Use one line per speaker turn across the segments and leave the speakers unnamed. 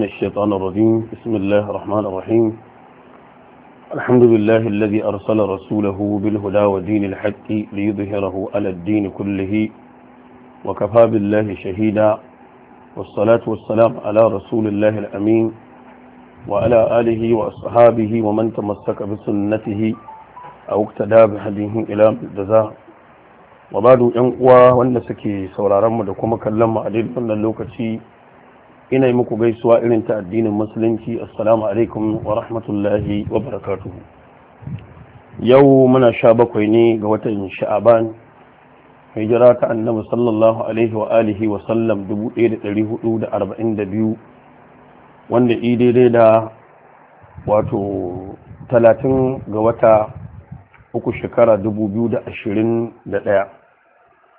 من الشيطان الرجيم بسم الله الرحمن الرحيم الحمد لله الذي أرسل رسوله بالهدى ودين الحق ليظهره على الدين كله وكفى بالله شهيدا والصلاة والسلام على رسول الله الأمين وعلى آله وأصحابه ومن تمسك بسنته أو اقتدى بهديه إلى الجزاء وبعد ينقوى وأن سكي سورارم لكم كلم عليه من اللوكتي ina yi muku gaisuwa irin ta addinin musulunci assalamu alaikum wa rahmatullahi wa barakatuhu yau muna sha bakwai ne ga watan sha'aban hijira ta annabi sallallahu alaihi wa alihi wa sallam 1442 wanda i daidai da wato 30 ga wata uku shekara 2021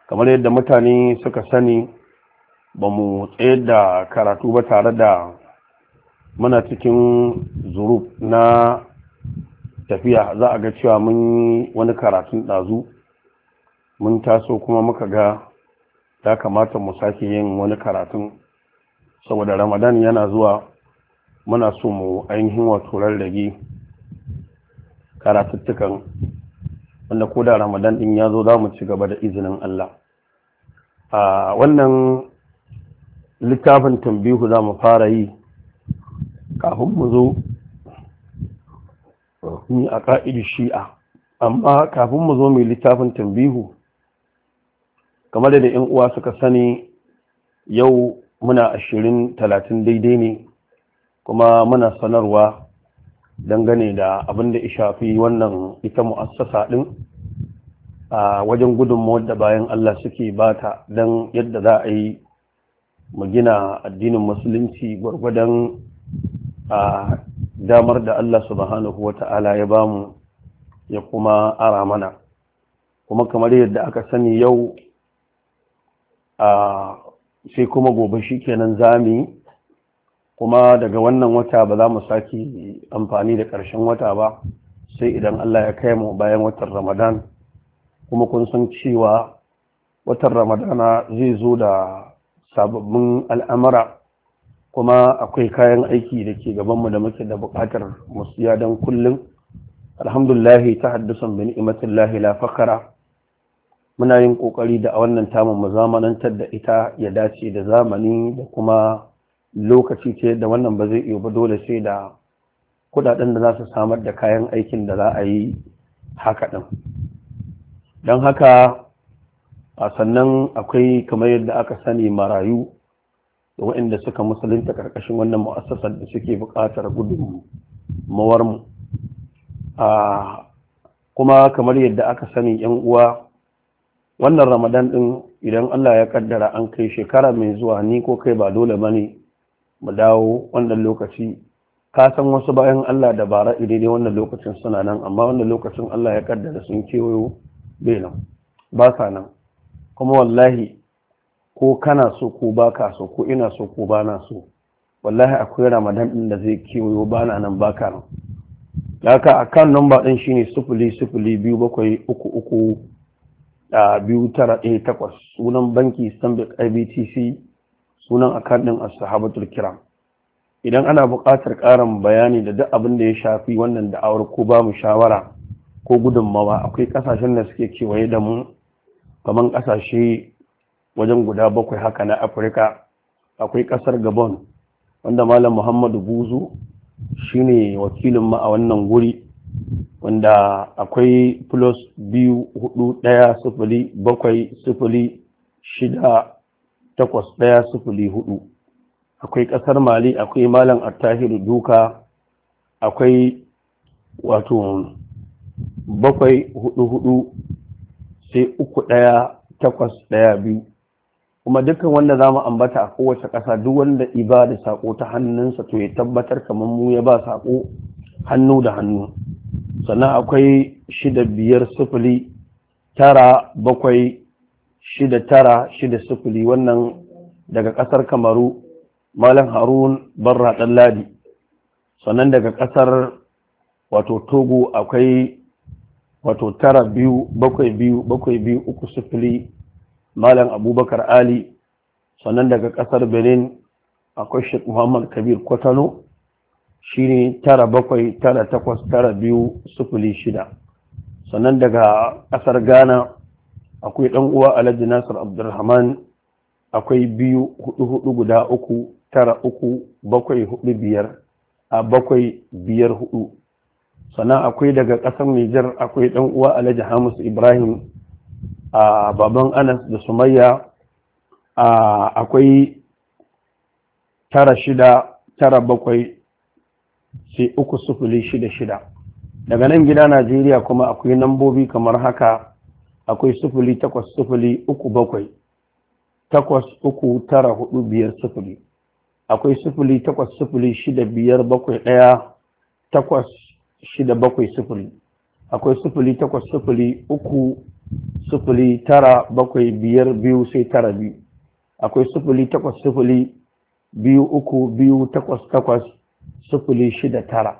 kamar yadda mutane suka sani ba mu tsayar da karatu ba tare da muna cikin zurub na tafiya za a ga cewa mun yi wani karatun ɗazu mun taso kuma muka ga ya kamata mu sake yin wani karatun saboda ramadan yana zuwa muna so mu ainihin wato rarrage karatuttukan wanda ko da ramadan ɗin ya zo za mu ci gaba da izinin allah a wannan littafin tambihu za mu fara yi kafin mu zo ni a ƙa'idu shi'a amma kafin mu zo mai littafin tambihu kamar da yan uwa suka sani yau muna ashirin talatin daidai ne kuma muna sanarwa dangane da abin da shafi wannan ita mu'assasa ɗin a wajen gudunmu da bayan Allah suke bata don yadda za a yi mu gina addinin musulunci gwargwadon a damar da Allah subhanahu Ta'ala ya bamu ya kuma ara mana kuma kamar yadda aka sani yau a sai kuma gobe shi kenan zami kuma daga wannan wata ba za mu saki amfani da ƙarshen wata ba sai idan Allah ya kai mu bayan watan ramadan kuma kun san cewa watan ramadana zai zo da sababbin al'amara kuma akwai kayan aiki da ke gabanmu da muke da buƙatar siya don kullum alhamdulahi ta haddusan bin imatullahi fakara muna yin ƙoƙari da a wannan tamu mu zamanantar da ita ya dace da zamani da kuma lokaci ce da wannan ba zai iya ba dole sai da kudaden da za su samar da kayan aikin da za a yi haka ɗin don haka a sannan akwai kamar yadda aka sani marayu da waɗanda suka musulunta ƙarƙashin wannan mu'assasar da suke buƙatar gudunmawarmu a kuma kamar yadda aka sani yan uwa wannan ramadan ɗin idan allah ya ƙaddara an kai shekara mai zuwa ni ko kai ba dole ba ne mu dawo wannan lokaci ka san wasu bayan allah da bara idai wannan lokacin suna nan amma wannan lokacin allah ya ƙaddara sun kewayo bai nan ba sa nan kuma wallahi ko kana so ko ba ka so ko ina so ko ba na so wallahi akwai ramadan ɗin da zai kewayo ba na nan ba ka nan da haka a kan namba ɗin shine sufuli sufuli biyu bakwai uku uku a biyu tara ɗaya takwas sunan banki stanbic ibtc sunan akan ɗin ashabatul kiram idan ana buƙatar ƙarin bayani da duk abin da ya shafi wannan da'awar ko ba mu shawara ko gudunmawa akwai ƙasashen da suke kewaye da mu kamar kasashe wajen guda bakwai haka na afirka akwai kasar gabon wanda malam muhammadu buzu shine wakilin ma a wannan guri wanda akwai plus biyu hudu daya sufuli bakwai sufuli shida takwas daya sufuli hudu akwai kasar mali akwai malam attahiru duka akwai wato bakwai hudu hudu sai uku ɗaya takwas ɗaya biyu kuma dukkan wanda za mu ambata a kowace ƙasa duk wanda iba da saƙo ta hannunsa to ya tabbatar kamar mu ya ba saƙo hannu da hannu sannan akwai shida biyar sifili tara bakwai shida tara shida sifili wannan daga ƙasar kamaru malam harun barra ɗan ladi sannan daga ƙasar wato togo akwai wato tara biyu bakwai biyu bakwai biyu uku sifili malam abubakar ali sannan daga kasar benin akwai sheikh muhammad kabir kwatano shi ne tara bakwai tara takwas tara biyu sifili shida sannan daga kasar ghana akwai dan uwa alhaji nasir abdulrahman akwai biyu hudu hudu guda uku tara uku bakwai hudu biyar a bakwai biyar hudu sannan akwai daga ƙasar Nijar akwai ɗan uwa Alhaji Hamus Ibrahim a baban Anas da Sumayya a akwai tara shida tara bakwai sai uku sufuli shida shida daga nan gida Najeriya kuma akwai nambobi kamar haka akwai sufuli takwas sufuli uku bakwai takwas uku tara hudu biyar sufuli akwai sufuli takwas sufuli shida biyar bakwai ɗaya takwas shida bakwai sufuri akwai sufuri takwas sufuri uku sufuri tara bakwai biyar biyu sai tara biyu akwai sufuri takwas sufuri biyu uku biyu takwas takwas sufuri shida tara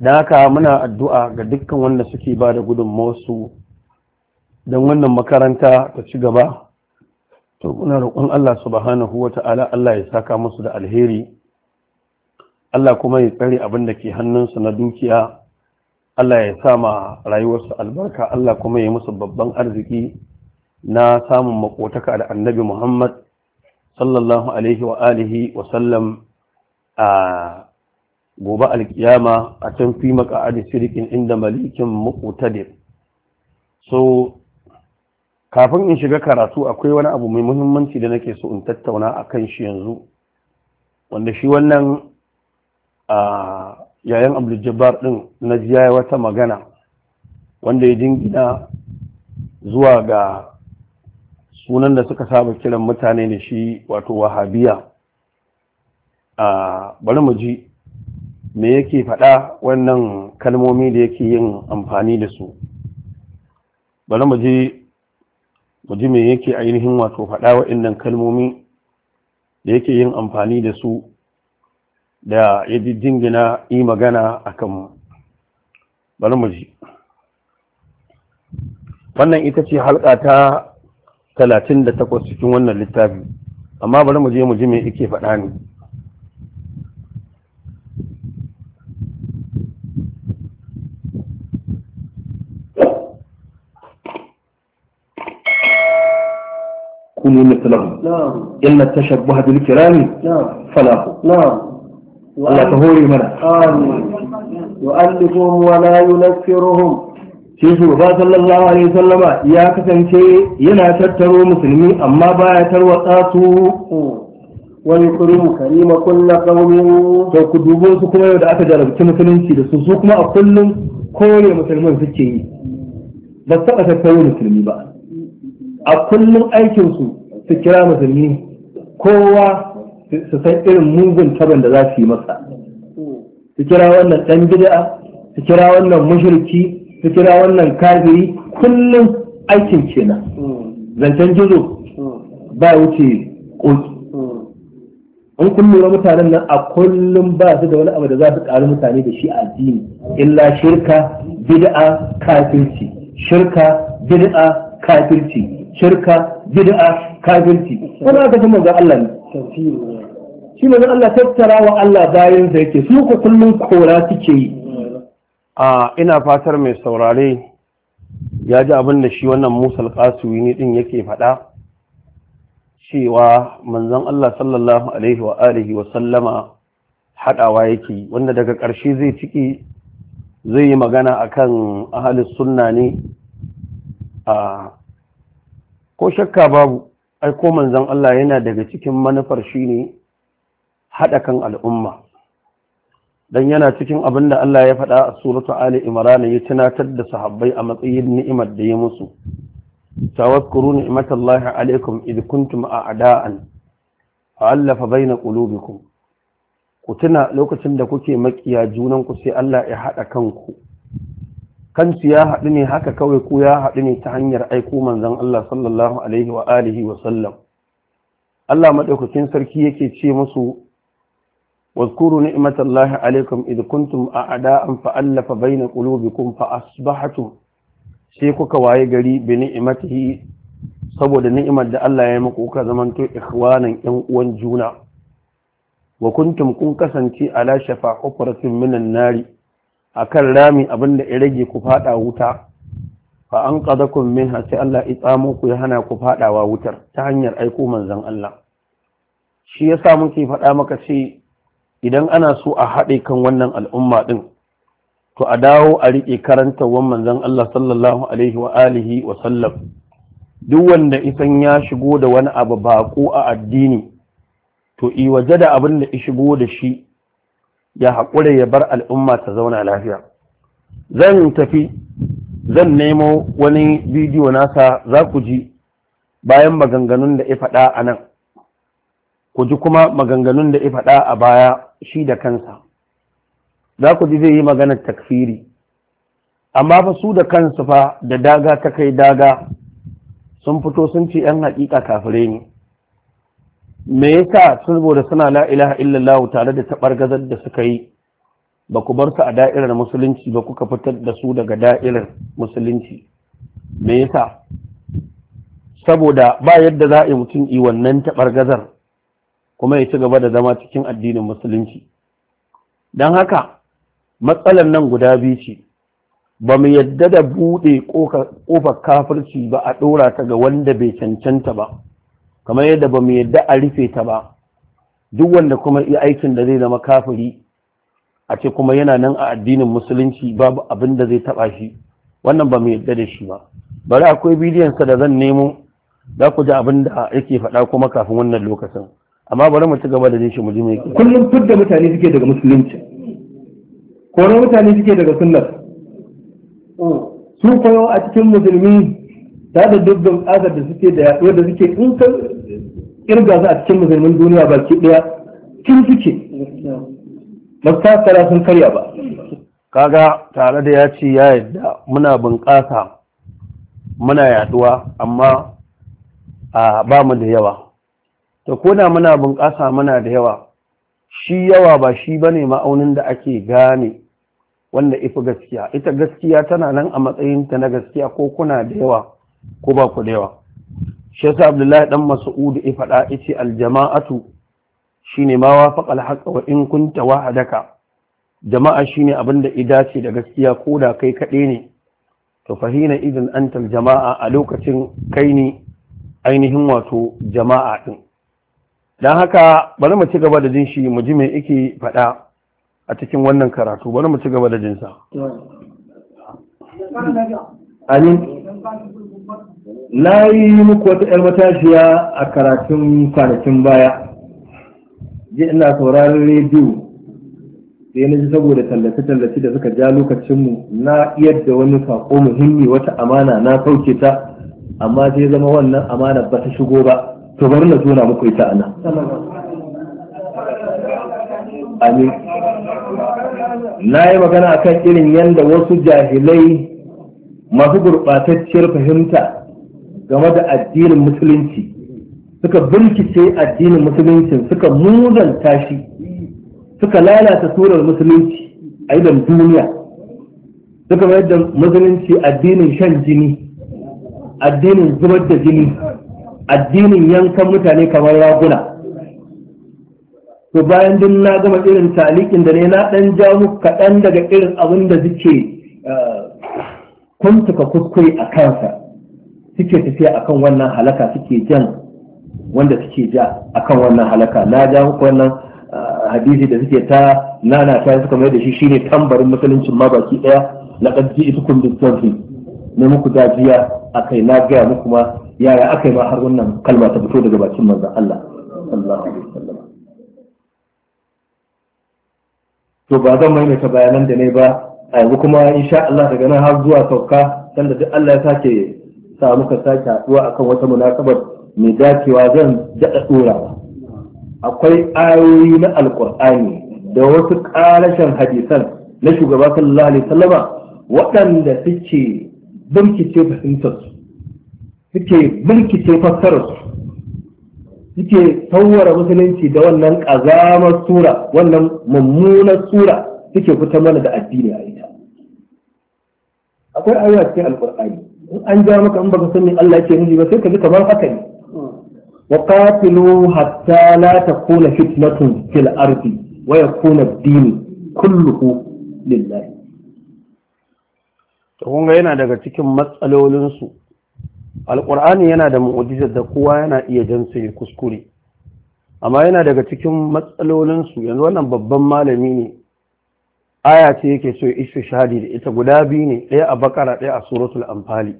da haka muna addu'a ga dukkan wanda suke ba da masu don wannan makaranta ta ci gaba to muna roƙon Allah subhanahu wa ta'ala Allah ya saka musu da alheri Allah kuma ya tsare abin da ke hannunsu na dukiya Allah ya sa ma rayuwarsu albarka Allah kuma ya musu babban arziki na samun makotaka da annabi Muhammad sallallahu alaihi wa alihi wa sallam a gobe alkiyama a can fi maka'adi sirikin inda malikin muqtadir so kafin in shiga karatu akwai wani abu mai muhimmanci da nake so in tattauna a kan shi yanzu wanda shi wannan a yayin abdul-jabbar din na jiya wata magana wanda ya dingina zuwa ga sunan da suka saba kiran mutane da shi wato wahabiya a bari mu ji me yake faɗa wannan kalmomi da yake yin amfani da su bari mu ji mu ji me yake ainihin wato faɗa waɗannan kalmomi da yake yin amfani da su da ya jingina yi magana a kan bari mu ji wannan ita ce halka ta 38 cikin wannan littafi amma bari mu je mu ji me ike faɗa ne كونوا مثلهم إن التشبه بالكرام فلاح Allah ka hore mana yu'allifuhum wa la yunaffiruhum shi shugaba sallallahu alaihi sallama ya kasance yana tattaro musulmi amma ba ya tarwatsa su wani kurum karima kulla kaumin to ku dubo su kuma yau da aka jarabci musulunci da su su kuma a kullum kore musulmin suke yi ba su taɓa tattaro musulmi ba a kullum aikinsu su kira musulmi kowa su san irin mugun taban da za su yi masa su kira wannan ɗan bid'a su kira wannan mushriki su kira wannan kafiri kullum aikin kenan zancen gizo ba wuce koki in kun lura mutanen nan a kullum ba su da wani abu da za su ƙari mutane da shi a addini illa shirka bid'a kafirci shirka bid'a kafirci shirka bid'a kafirci wani aka san manzon Allah ne shi manzon Allah tattara wa Allah bayan sa yake su ku kullun kora suke yi a ina fatar mai saurare ya ji abin da shi wannan Musa al-Qasimi ne din yake faɗa cewa manzon Allah sallallahu alaihi wa alihi wa sallama hadawa yake wanda daga ƙarshe zai ciki zai yi magana akan ahalus sunna ne a ko shakka babu aiko ko manzon Allah yana daga cikin manufar shine haɗa kan al'umma dan yana cikin abin da Allah ya faɗa a suratu Ali Imran ya tunatar da sahabbai a matsayin ni'imar da ya musu tawakkuru ni'matallahi alaikum id kuntum a'da'an fa'allafa baina qulubikum ku tuna lokacin da kuke makiya junanku, sai Allah ya haɗa kanku kansu ya haɗu ne haka kawai ko ya haɗu ne ta hanyar aiko manzon Allah sallallahu alaihi wa alihi wa sallam Allah madaukakin sarki yake ce musu واذكروا نعمة الله عليكم إذ كنتم أعداء فألف بين قلوبكم فأصبحتم شيكو كواي غري بنعمته saboda ni'imar da Allah ya muku kuka zamanto ikhwanan ƴan uwan juna wa kuntum kun kasance ala shafa hufratin minan nari akan rami abinda da ya rage ku fada wuta fa an qadakum minha sai Allah ya tsamo ku ya hana ku fadawa wutar ta hanyar aiko manzon Allah shi yasa muke faɗa maka ce idan ana so a haɗe kan wannan al'umma din to a dawo a riƙe karantawan manzon Allah sallallahu alaihi wa alihi wa sallam duk wanda isan ya shigo da wani abu baƙo a addini to i waje da abin da i shigo da shi ya haƙura ya bar al'umma ta zauna lafiya zan tafi zan nemo wani bidiyo nasa za ku ji bayan maganganun da ya faɗa a nan ku ji kuma maganganun da ya faɗa a baya shi da kansa za ku ji zai yi maganar takfiri amma fa su da kansu fa da daga ta kai daga sun fito sun ce 'yan haƙiƙa kafire ne me yasa saboda suna la ilaha illallah tare da tabargazar da suka yi ba ku bar su a da'irar musulunci ba kuka fitar da su daga da'irar musulunci me yasa saboda ba yadda za a yi mutum yi wannan tabargazar kuma ya ci gaba da zama cikin addinin musulunci don haka matsalar nan guda biyu ce ba mu yadda da buɗe ƙofar kafirci ba a ɗora ta ga wanda bai cancanta ba kamar yadda ba mu yadda a rufe ta ba duk wanda kuma yi aikin da zai zama kafiri a ce kuma yana nan a addinin musulunci babu abin da zai taba shi wannan ba mu yadda da shi ba bari akwai bidiyon sa da zan nemo za ku ji abin da yake faɗa kuma kafin wannan lokacin amma bari mu ci gaba da zai shi mu ji mai kullum tudda mutane suke daga musulunci koran mutane suke daga sunnar su koyo a cikin musulmi da dubban azar da suke da yaɗuwa da suke in ka kirga su a cikin musulmin duniya baki ɗaya, kin suke ba sun karya ba kaga tare da ya ce ya yadda muna bunƙasa muna yaɗuwa, amma a ba mu da yawa to koda muna bunƙasa muna da yawa shi yawa ba shi ba ne ma'aunin da ake gane wanda ifi gaskiya ita gaskiya tana nan a matsayinta na gaskiya ko kuna da yawa ko ba ku da yawa shi yasa abdullahi dan mas'ud ya faɗa yace aljama'atu shine ma wafaqa alhaqa wa in kunta wahadaka jama'a shine abin da idace da gaskiya ko da kai kaɗai ne to fahina idan anta jama'a a lokacin kai ne ainihin wato jama'a din dan haka bari mu ci gaba da jin shi mu ji me yake faɗa a cikin wannan karatu bari mu ci gaba da jinsa amin na yi muku wata 'yar matashiya a karatun kwanakin baya ji ina sauraron rediyo sai na ji saboda tallace-tallace da suka ja lokacinmu na yadda wani saƙo muhimmi wata amana na sauke ta amma sai zama wannan amana ba ta shigo ba to bari na tona muku ita ana amin na yi magana akan irin yadda wasu jahilai masu gurɓatacciyar fahimta game da addinin musulunci suka birkice addinin musulunci suka muzanta shi suka lalata surar musulunci a idan duniya suka mayar da musulunci addinin shan jini addinin zubar da jini addinin yankan mutane kamar raguna to bayan duk na gama irin talikin da ne na dan ja muku kaɗan daga irin abin da suke eh, kuntuka kuskure a kansa suke tafiya akan wannan halaka suke jan wanda suke ja akan wannan halaka na ja muku wannan ah, hadisi da suke ta nana ta suka mai da shi shine tambarin musuluncin ma baki daya kun da bi ne muku dajiya akai na ga muku ma yaya akai ma har wannan kalma ta fito daga bakin manzon Allah sallallahu alaihi wasallam to ba zan mai ta bayanan da ne ba a yanzu kuma insha Allah daga nan har zuwa sauka sanda duk Allah ya sake sa muka sake haɗuwa akan wata munasabar mai dacewa zan daɗa ɗorawa akwai ayoyi na alƙur'ani da wasu ƙarashen hadisan na shugaba sallallahu alaihi sallama waɗanda suke birkice fahimtarsu suke birkice fassararsu suke sauwara musulunci da wannan ƙazamar sura wannan mummunar sura suke fitar mana da addini a ita akwai ayoyi cikin alƙur'ani an ja maka in baka sani Allah yake nufi ba sai ka ji kamar haka ne wa qatilu hatta la takuna fitnatun fil ardi wa yakuna ad-din kulluhu lillahi to kun ga yana daga cikin matsalolin su alqur'ani yana da mu'jizar da kowa yana iya jan sai kuskure amma yana daga cikin matsalolin su yanzu wannan babban malami ne aya ce yake so istishhadi da ita guda biyu ne ɗaya a bakara ɗaya a suratul anfali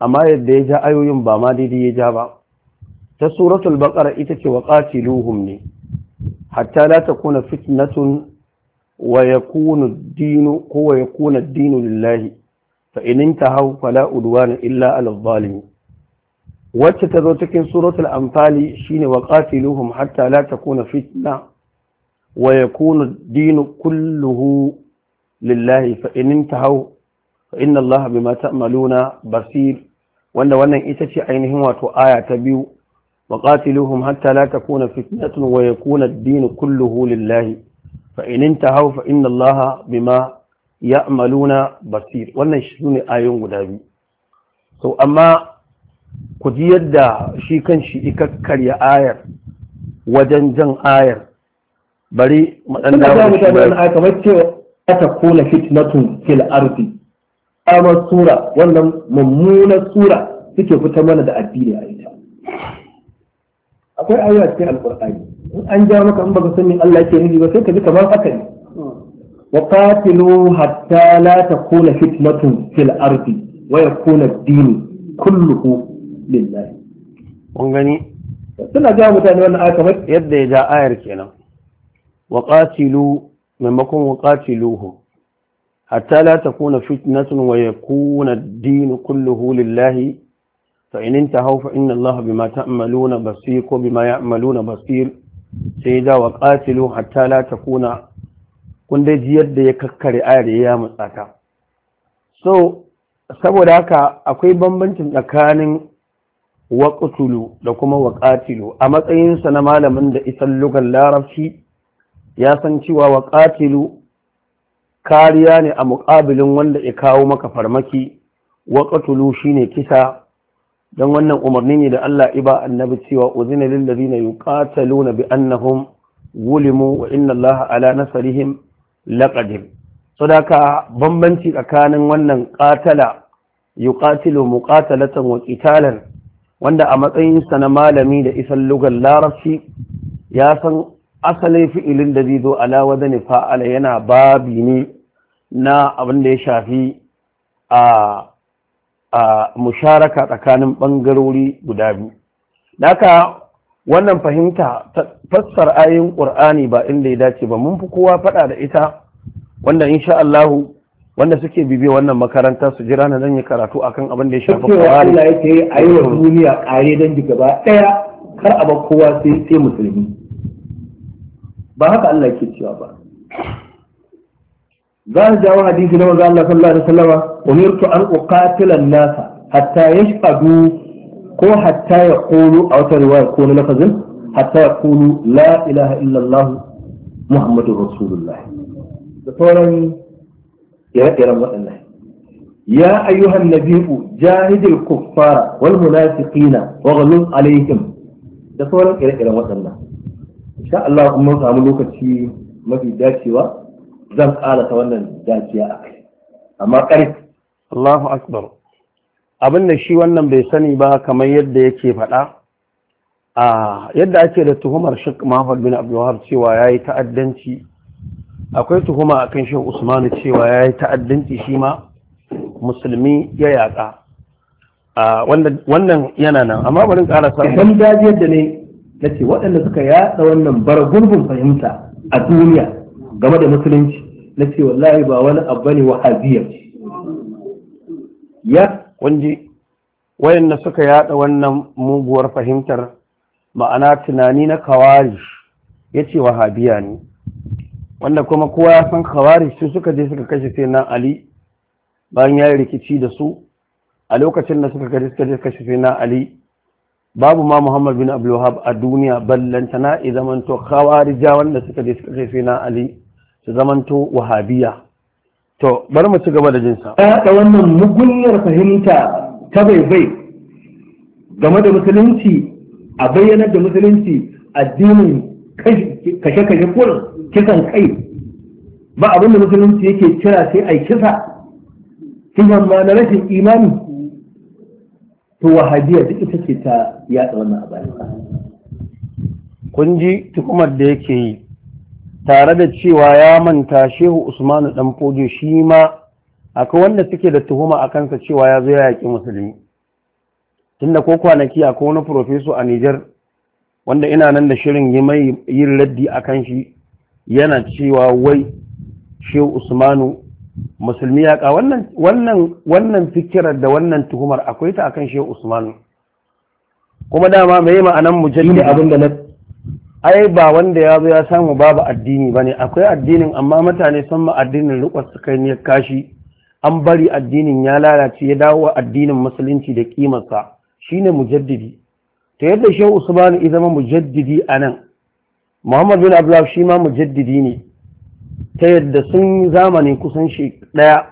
amma yadda ya ja ayoyin ba ma daidai ya ja ba ta suratul bakara ita ce wa qatiluhum ne hatta la takuna fitnatun wa yakunu ad-dinu ko wa yakuna ad-dinu lillahi fa in intahu fala udwana illa ala adh wacce ta zo cikin suratul anfali shine wa qatiluhum hatta la takuna fitna wa yakunu dinu kulluhu lillahi fa in intahu fa bima ta'maluna basir wanda wannan ita ce ainihin wato aya ta biyu wa qatiluhum hatta la takuna fitnatun wa yakuna ad-din kulluhu lillahi fa in intahu fa inna allaha bima basir wannan shi ne guda biyu so amma ku ji yadda shi kan shi ayar wajen jan ayar bari madan da mu ta kamar Na ta kona fitnatun fil ardi amma sura wannan mummunar sura suke fitar mana da addini a ita akwai ayoyi cikin Alƙur'ani. in an ja maka in baka sani Allah yake nufi ba sai ka ji kamar haka ne wa qatilu hatta la takuna fitnatun fil ardi wa yakuna ad-din kulluhu lillahi kun gani suna ga mutane wannan aya kamar yadda ya ja ayar kenan وقاتلوا ممكن وقاتلوهم حتى لا تكون فتنة ويكون الدين كله لله فإن انتهوا فإن الله بما تعملون بصير وبما يعملون بصير سيدا وقاتلوا حتى لا تكون kun dai ji yadda ya kakkare ayar ya so saboda haka akwai bambancin tsakanin waƙutulu da kuma waƙatilu a matsayinsa na malamin da isan lugar larabci ya san cewa wa ƙatilu kariya ne a muƙabilin wanda ya kawo maka farmaki wa ƙatulu shine kisa don wannan umarni ne da Allah iba annabi cewa uzina lil ladina na bi annahun gulimu. wa inna Allah ala nasrihim laqadir sadaka bambanci tsakanin wannan qatala yuqatilu muƙatalatan wa qitalan wanda a matsayinsa na malami da isan Lugan larabci ya san asalin fi'ilin da zai zo ala wadani fa'ala yana babi ne na abin da ya shafi a musharaka tsakanin ɓangarori guda biyu naka wannan fahimta fassar ayin ƙur'ani ba inda ya dace ba mun fi kowa faɗa da ita wanda insha Allahu wanda suke bibe wannan makaranta su jira na zan yi karatu akan abin da ya shafi Qur'ani Allah yake ayi wa duniya ƙare dan gaba ɗaya, kar a ba kowa sai sai musulmi ba haka Allah ke cewa ba za a jawo hadisi na maza Allah sallallahu alaihi wasallama umirtu an uqatila nasa hatta yashhadu ko hatta yaqulu a wata riwaya ko na lafazin hatta yaqulu la ilaha illallah muhammadur rasulullah da sauran ire-iren waɗannan يا أيها النبي جاهد الكفار والمنافقين واغلظ عليهم ده صورة إلى إلى وصلنا insha Allah in mun samu lokaci mafi dacewa zan ƙara ta wannan daciya a kai amma kare. Allahu akbar abin da shi wannan bai sani ba kamar yadda yake faɗa a yadda ake da tuhumar Sheikh Muhammad bin Abdul Wahab cewa yayi ta'addanci akwai tuhuma akan Sheikh Usman cewa yayi ta'addanci shi ma musulmi ya yaƙa wannan yana nan amma bari ƙara sa Idan dajiyar da ne na ce waɗanda suka yaɗa wannan bara gurbin fahimta a duniya game da musulunci na ce wallahi ba wani abu ne wahabiyar ya wanji wayanda suka yaɗa wannan muguwar fahimtar ma'ana tunani na kawari ya ce wahabiya ne wanda kuma kowa ya san kawari su suka je suka kashe sai na ali bayan ya yi rikici da su a lokacin da suka kashe suka kashe sai na ali babu ma muhammad bin abdulwahab a duniya ballantana i zamanto ja wanda suka je suka kai na ali su zamanto wahabiya to bari mu ci gaba da jinsa. ya wannan mugunyar fahimta ta baibai game da musulunci a bayyanar da musulunci addinin kashe-kashe ko kisan kai ba abinda musulunci yake kira sai a kisa kisan ma na rashin imani to wahabiya duk ita ce ta yaɗa wannan abin kun ji tukumar da yake yi tare da cewa ya manta shehu usmanu ɗan fojo shi ma akwai wanda suke da tuhuma a kansa cewa ya zo ya yaƙi musulmi tunda ko kwanaki akwai wani profeso a nijar wanda ina nan da shirin yi mai yin raddi a kan shi yana cewa wai shehu usmanu musulmi ya wannan wannan fikirar da wannan tuhumar akwai ta akan shehu usman kuma dama mai ma'anan mujalli abin da na ai ba wanda ya zo ya samu babu addini ba ne akwai addinin amma mutane sun ma addinin rikon su kai ne kashi an bari addinin ya lalace ya dawo addinin musulunci da kimarsa shine mujaddidi ta yadda shehu usman ya zama mujaddidi a nan muhammad bin abdullahi shi ma mujaddidi ne ta yadda sun yi zamani kusan shi ɗaya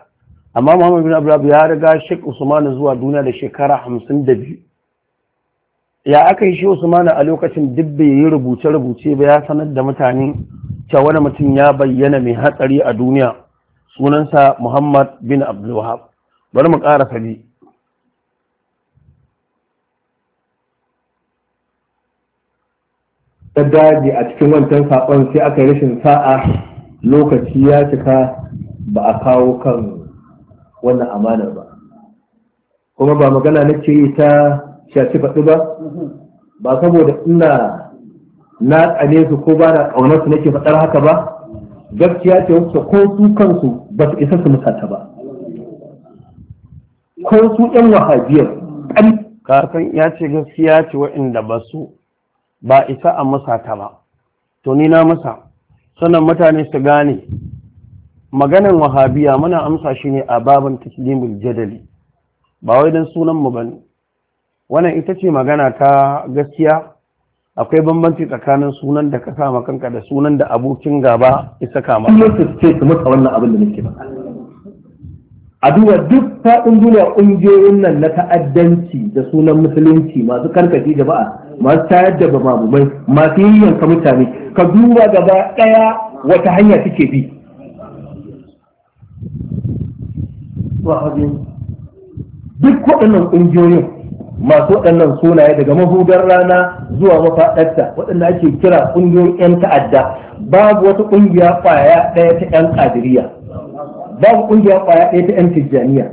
amma muhammad bin abdullahi ya riga shek usman zuwa duniya da shekara hamsin da biyu ya aka yi shi usman a lokacin duk bai yi rubuce-rubuce ba ya sanar da mutane cewa wani mutum ya bayyana mai hatsari a duniya sunansa muhammad bin abdullahi bari mu ƙara sabi ta daji a cikin wancan saƙon sai aka yi rashin sa'a lokaci ya cika ba a kawo kan wannan amanar ba kuma ba magana na ce ta shafi faɗi ba ba saboda ina na tsane su ko ba na ƙaunar su nake faɗar haka ba gaskiya ce wacce ko su kansu ba su isa su musata ba ko su ƴan wahabiyar kakan ya ce gaskiya ce waɗanda ba su ba isa a musata ba to ni na musa. sannan mutane su gane maganan wahabiya muna amsa shi ne a babin taslimul jadali ba wai dan sunan mu bane wannan ita ce magana ta gaskiya akwai bambanci tsakanin sunan da ka sa kanka da sunan da abokin gaba ya saka maka. Kullum su ce su maka wannan abin da nake ba. a duba duk faɗin duniya ƙungiyoyin nan na ta'addanci da sunan musulunci masu karkace jama'a masu tayar da bamamumai masu yayyanka mutane ka duba gaba ɗaya wata hanya suke bi duk waɗannan ƙungiyoyin masu waɗannan sunaye daga mahudar rana zuwa mafaɗarta waɗanda ake kira ƙungiyoyin 'yan ta'adda babu wata ƙungiya ƙwaya ɗaya ta 'yan ƙadiriya babu ƙungiya ƙwaya ɗaya ta 'yan tijjaniya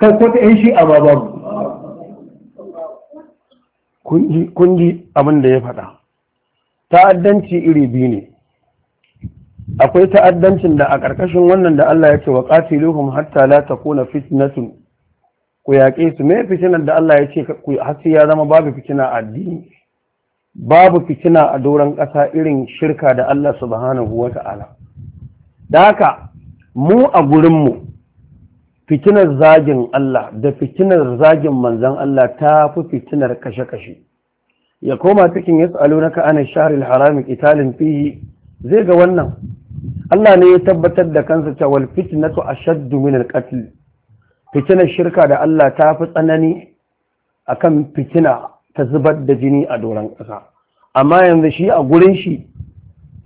kai ko ta 'yan shi a babu kundi abin da ya faɗa ta'addanci iri biyu ne akwai ta'addancin da a ƙarƙashin wannan da Allah ya ce wa qatiluhum hatta la takuna fitnatun ku yaƙe su me fitinar da Allah ya ce ku hasi ya zama babu fitina a addini babu fitina a doron ƙasa irin shirka da Allah subhanahu Ta'ala. da mu a gurinmu fitinar zagin Allah da fitinar zagin manzan Allah ta fi fitinar kashe-kashe ya koma cikin ya tsalo na ka'ana shaharil haramun italin fiye zai ga wannan Allah ne ya tabbatar da kansa cewa fitinatu a min al katil fitinar shirka da Allah ta fi tsanani a kan fitina ta zubar da jini a doron ƙasa amma yanzu shi a gurin shi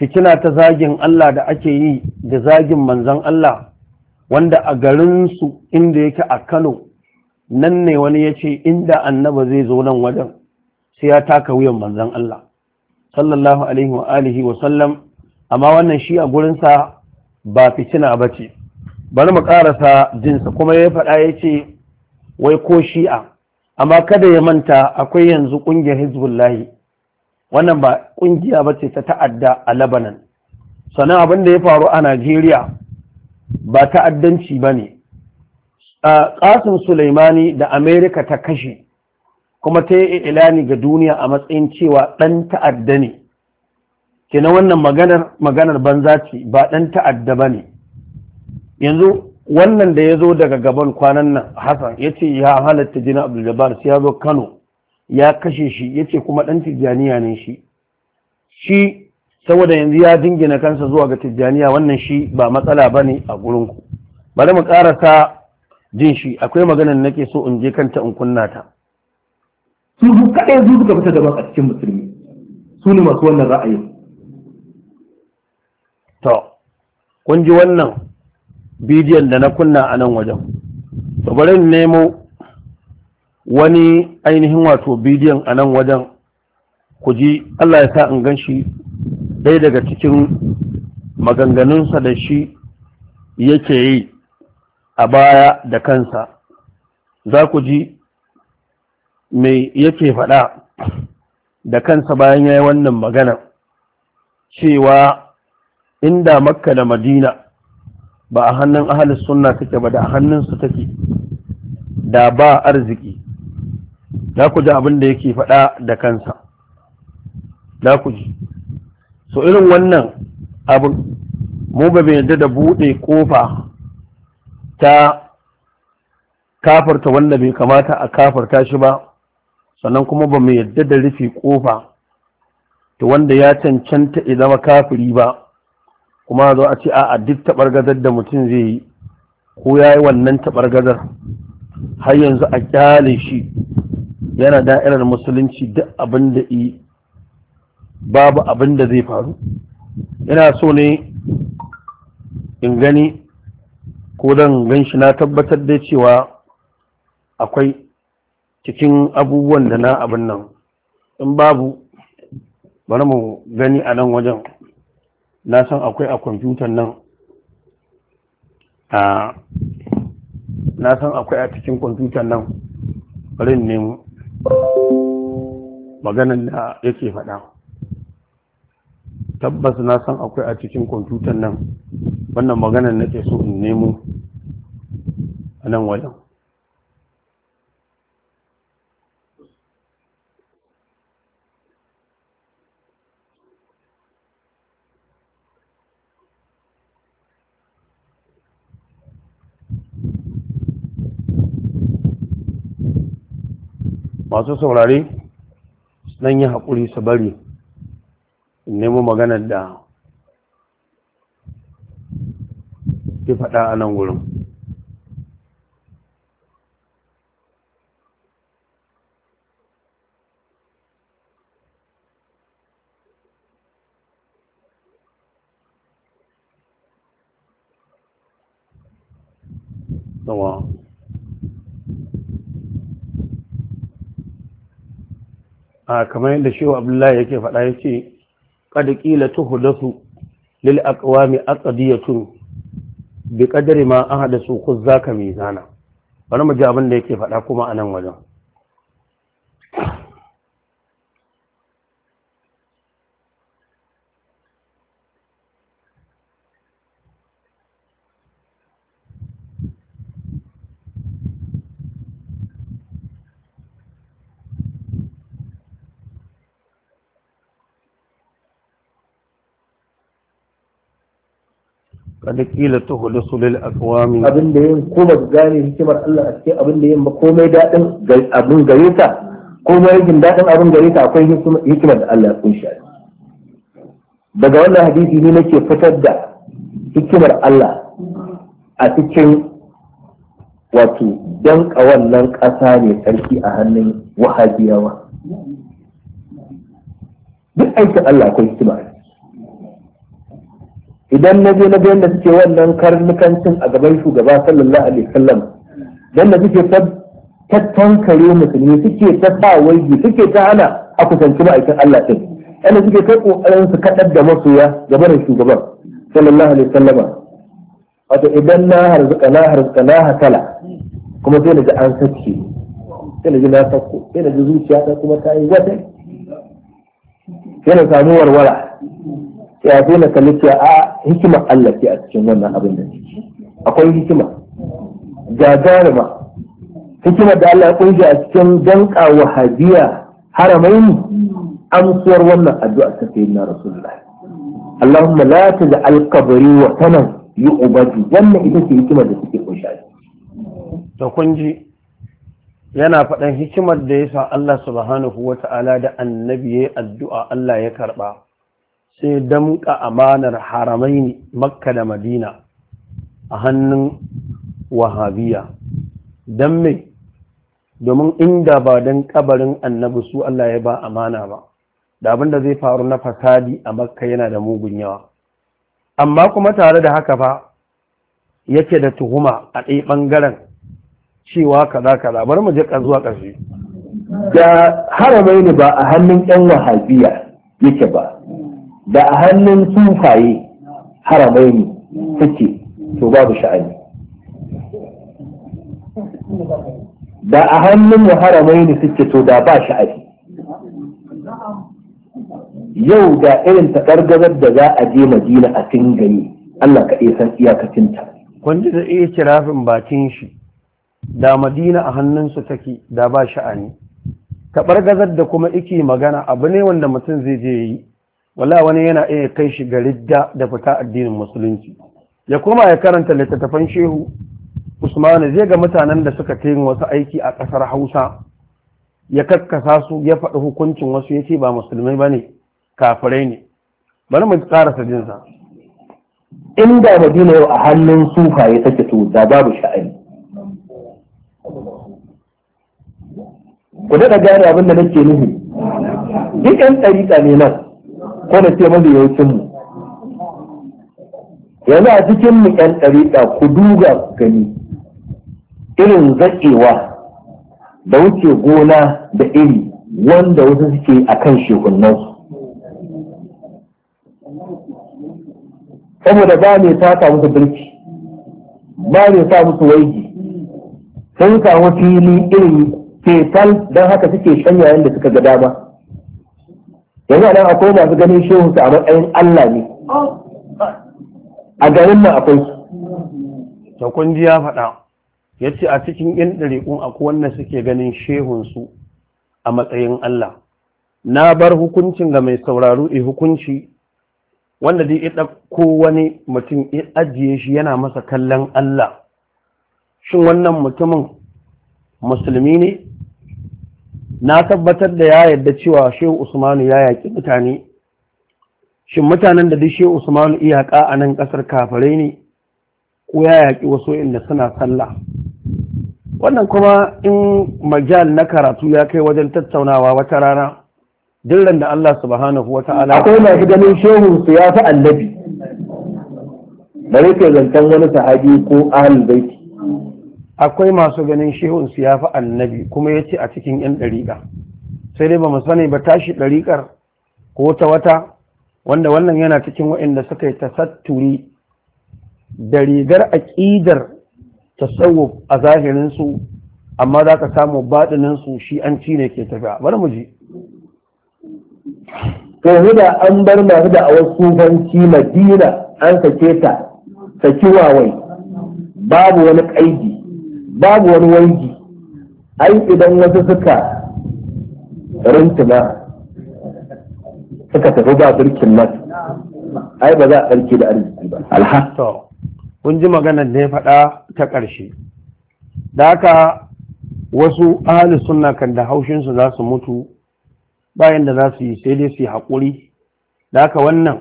fitina ta zagin Allah da ake yi da zagin manzan Allah wanda a garinsu inda yake a Kano nan ne wani ya ce inda annaba zai zo nan wajen sai ya taka wuyan manzan Allah sallallahu alaihi wa alihi wa sallam amma wannan shi a gurinsa ba fitina ba ce bari mu karasa jinsa kuma ya faɗa ya ce wai ko shi'a amma kada ya manta akwai yanzu ƙungiyar hezbollah wannan ba ƙungiya ba ce ta ta'adda a Lebanon sannan abin da ya faru a Najeriya ba ta'addanci ba ne ƙasin Sulaimani da Amerika ta kashe kuma ta yi ilani ga duniya a matsayin cewa ɗan ta'adda ne Ke na wannan maganar maganar banza ce ba ɗan ta'adda ba ne yanzu wannan da ya zo daga gaban kwanan nan Hassan ya ce ya halatta jina Abdul sai ya zo Kano ya kashe shi ya ce kuma ɗan tijjaniya ne shi shi saboda yanzu ya dingina kansa zuwa ga tijjaniya wannan shi ba matsala ba ne a gurinku bari mu ƙarasa jin shi akwai maganar nake so in je kanta in kunna ta su kaɗai su suka fita daban a cikin musulmi su ne masu wannan ra'ayin to kun ji wannan bidiyon da na kunna a nan wajen to bari nemo wani ainihin wato bidiyon a nan wajen ku ji Allah ya sa in gan shi ɗaya daga cikin maganganunsa da shi yake yi a baya da kansa za ku ji mai yake faɗa da kansa bayan ya yi wannan magana cewa inda makka da madina ba a hannun ahalis sunna take ba da hannunsu take da ba arziki za ku ji abin da yake faɗa da kansa za ku ji so irin wannan abin mu ba mai yadda da buɗe ƙofa ta kafarta wanda bai kamata a kafarta shi ba sannan kuma ba mai yadda da rufe ƙofa ta wanda ya cancanta ya zama kafiri ba kuma zo a ce a duk taɓar taɓargazar da mutum zai yi ko ya yi wannan taɓar taɓargazar har yanzu a kyale shi yana da'irar musulunci duk abin da yi babu abin da zai faru yana so ne in gani ko don gan shi na tabbatar da cewa akwai cikin abubuwan da na abin nan in babu bari mu gani a nan wajen na san akwai a kwamfutan nan a ah, na san akwai a cikin kwamfutan nan bari nemo maganan da yake faɗa tabbas na san akwai a cikin kwamfutan nan wannan maganan nake so in nemo a nan wajen masu saurari nan yi haƙuri su bari nemo maganar da ke faɗa a nan wurin a kamar yadda shehu abdullahi yake faɗa ya ce ƙadƙila ƙila tuhudasu lil aqwami atsadiyatun bi qadri ma an su khudh zaka zana, bari mu ji abin da yake faɗa kuma a nan wajen kada kila tuhulu sulil akwami abin da yin ko gane hikimar Allah a cikin abin da yin ba komai dadin abin gare ta komai yin dadin abin gare ta akwai hikimar da Allah ya kunshi daga wannan hadisi ne nake fitar da hikimar Allah a cikin wato dan wannan ƙasa ne sarki a hannun wahabiyawa duk aikin Allah akwai hikima idan na je na ga yadda suke wannan karnukancin a gaban shugaba sallallahu alaihi wasallam dan da suke ta tankare musulmi suke ta sa waje suke ta hana a kusanci ma'aikin Allah din yadda suke ta kokarin su kadar da masoya gaban shugaban sallallahu alaihi wasallam wato idan na harzuka na harzuka na hakala kuma sai na ji an sace sai na ji na sakko sai na ji zuciya ta kuma ta yi wata sai na samu warwara ya zo na kalli cewa a hikimar Allah ce a cikin wannan abin da akwai hikima ga gagarima hikimar da Allah ya kunshi a cikin danka wa hadiya haramain amsuwar wannan addu'a ta sayyidina rasulullah Allahumma la taj'al qabri wa sanan yu'badu wannan ita ce hikimar da suke kunshi to kun ji yana faɗan hikimar da ya sa Allah subhanahu wa ta'ala da annabi addu'a Allah ya karɓa sai damƙa amanar haramai ne makka da madina a hannun wahabiya don mai domin inda ba don ƙabarin annabi su Allah ya ba amana ba da abinda zai faru na fasadi a makka yana da mugun yawa amma kuma tare da haka fa yake da tuhuma a ɗaya ɓangaren cewa kaza kaza bari mu je zuwa ƙarshe da haramai ne ba a hannun 'yan wahabiya yake ba da a hannun sufaye haramai ne suke to babu sha'ani da a hannun mu haramai ne suke to da ba sha'ani yau da irin taɓargazar da za a je madina a cin gani Allah ka iya san iyakacinta wanda da iya kirafin bakin shi da madina a hannunsu take da ba sha'ani taɓargazar da kuma ike magana abu ne wanda mutum zai je yi wala wani yana iya kai shi ga ridda da fita addinin musulunci ya koma ya karanta littattafan shehu usmanu zai ga mutanen da suka kai wasu aiki a ƙasar hausa ya kakkasa su ya faɗi hukuncin wasu ya ce ba musulmai ba ne kafirai ne bari mu ƙarasa jinsa da madina yau a hannun sufa ya sake to da babu sha'ani ku daɗa gane abin da nake nufi duk 'yan ɗariƙa ne nan ko da ce mafi yi yanzu a cikin mu yan ɗariƙa ku duga gani irin zaƙewa da wuce gona da iri wanda wasu suke a kan shekunansu saboda ba ta taka musu birki ba ne ta musu waigi sun samu fili irin fetal don haka suke yayin da suka ga dama yanzu a nan akwai masu ganin shehu a matsayin Allah ne a garin nan akwai ta kundi ya faɗa ya ce a cikin yan ɗariƙun akwai wanda suke ganin shehunsu a matsayin Allah na bar hukuncin ga mai sauraro e hukunci wanda dai ya ɗauko wani mutum ya ajiye shi yana masa kallon Allah shin wannan mutumin musulmi ne na tabbatar da ya yarda cewa shehu usmanu ya yaƙi mutane shin mutanen da duk shehu usmanu iyaka a nan ƙasar kafirai ne ko ya yaƙi wasu inda suna sallah wannan kuma in majal na karatu ya kai wajen tattaunawa wata rana dillan da Allah subhanahu wa ta'ala akwai masu ganin shehu su ya fi annabi bare ke zantan wani sahabi ko ahlul baiti akwai masu ganin shehun su ya fi annabi kuma ya ce a cikin yan ɗariƙa sai dai ba mu sani ba tashi ɗariƙar ko ta wata wanda wannan yana cikin waɗanda suka yi tasatturi da rigar aƙidar tasawuf a zahirinsu amma za ka samu baɗininsu shi an ci ne ke tafiya bari mu ji Ko huda an bar masu da a wasu sufanci madina an sake ta saki wawai babu wani ƙaidi babu wani wanki ai idan wasu suka rintuna suka tafi ba birkin nan ai ba za a ɗarki da arziki ba alhasto kun ji maganar da ya faɗa ta ƙarshe da haka wasu ahli suna kan da haushinsu za su mutu bayan da za su yi sai dai su yi haƙuri da haka wannan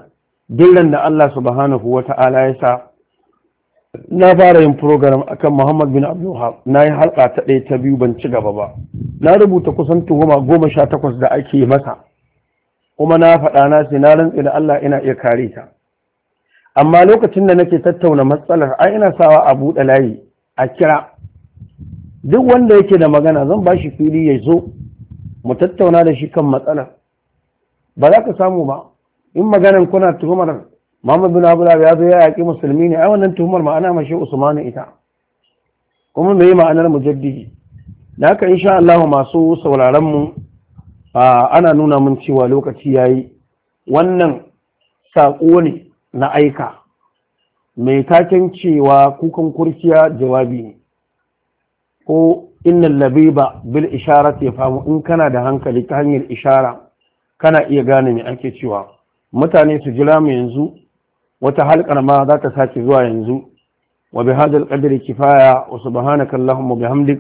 dillan da Allah subhanahu wa ta'ala ya sa na fara yin program akan Muhammad bin Abdul Wahab na yi halka ta ɗaya ta biyu ban ci gaba ba na rubuta kusan tuhuma goma sha takwas da ake masa kuma na faɗa na sai na rantse da Allah ina iya kare ta amma lokacin da nake tattauna matsalar ai ina sawa a buɗe layi a kira duk wanda yake da magana zan ba shi fili ya zo mu tattauna da shi kan matsalar ba za ka samu ba in maganan kuna tuhumar Muhammad bin Abu ya zo ya yaƙi musulmi ne ai wannan tuhumar ma'ana mashi Usmanu ita kuma me ma'anar mujaddidi da haka insha Allah masu sauraron mu ana nuna mun cewa lokaci yayi wannan saƙo ne na aika mai taken cewa kukan kurciya jawabi ne ko inna labiba bil isharat ya famu in kana da hankali ta hanyar ishara kana iya gane me ake cewa mutane su jira mu yanzu wata halkar ma za ta sake zuwa yanzu wa bi hadal qadri kifaya wa subhanaka allahumma bihamdik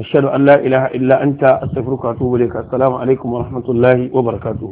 ashhadu an la ilaha illa anta astaghfiruka wa atubu ilaik assalamu alaikum wa rahmatullahi wa barakatuh